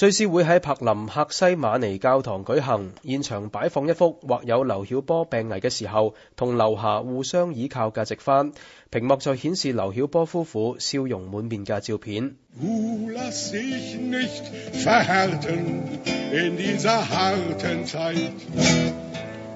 追思會喺柏林客西馬尼教堂舉行，現場擺放一幅畫有劉曉波病危嘅時候同劉霞互相倚靠嘅直翻，屏幕就顯示劉曉波夫婦笑容滿面嘅照片。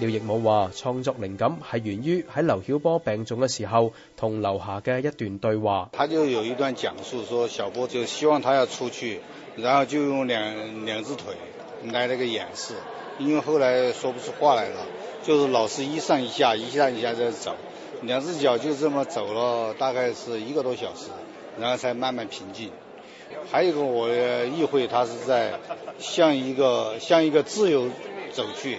廖亦武話：創作靈感係源於喺劉曉波病重嘅時候，同劉霞嘅一段對話。他就有一段講述，說小波就希望他要出去，然後就用兩兩隻腿來那個演示，因為後來說不出話來了，就是老是一上一下，一上一下在走，兩隻腳就這麼走了大概是一個多小時，然後才慢慢平靜。還有一個我意會，他是在向一個向一個自由走去。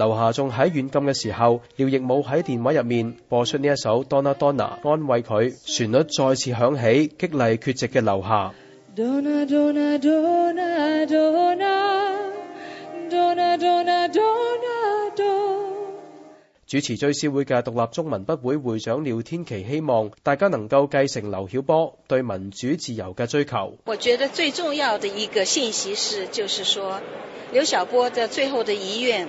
劉霞仲喺軟禁嘅時候，廖亦武喺電話入面播出呢一首《Donna Donna》，安慰佢。旋律再次響起，激勵缺席嘅劉霞。主持追思會嘅獨立中文筆會會長廖天琪希望大家能夠繼承劉曉波對民主自由嘅追求。我覺得最重要的一個信息是，就是說劉曉波的最後的遺願。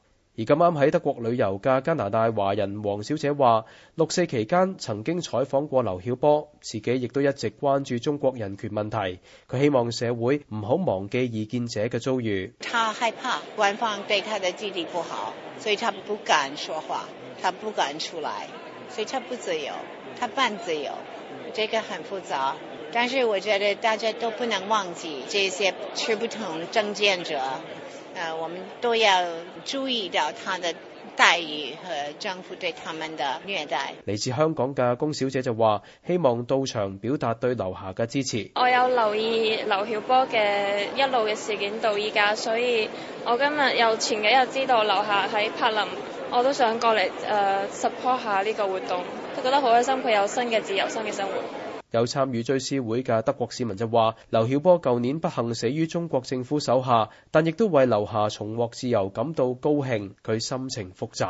而咁啱喺德國旅遊嘅加拿大華人黃小姐話：六四期間曾經採訪過劉曉波，自己亦都一直關注中國人權問題。佢希望社會唔好忘記異見者嘅遭遇。他害怕官方對他的治理不好，所以他不敢說話，他不敢出來，所以他不自由，他半自由，這個很複雜。但是我覺得大家都不能忘記這些持不同政見者。.誒，我們都要注意到她的待遇和丈夫對他們的虐待。嚟自香港嘅龔小姐就話：希望到場表達對劉霞嘅支持。我有留意劉曉波嘅一路嘅事件到依家，所以我今日又前幾日知道劉霞喺柏林，我都想過嚟誒 support 下呢個活動，都覺得好開心，佢有新嘅自由、新嘅生活。有參與追思會嘅德國市民就話：劉曉波舊年不幸死於中國政府手下，但亦都為劉霞重獲自由感到高興，佢心情複雜。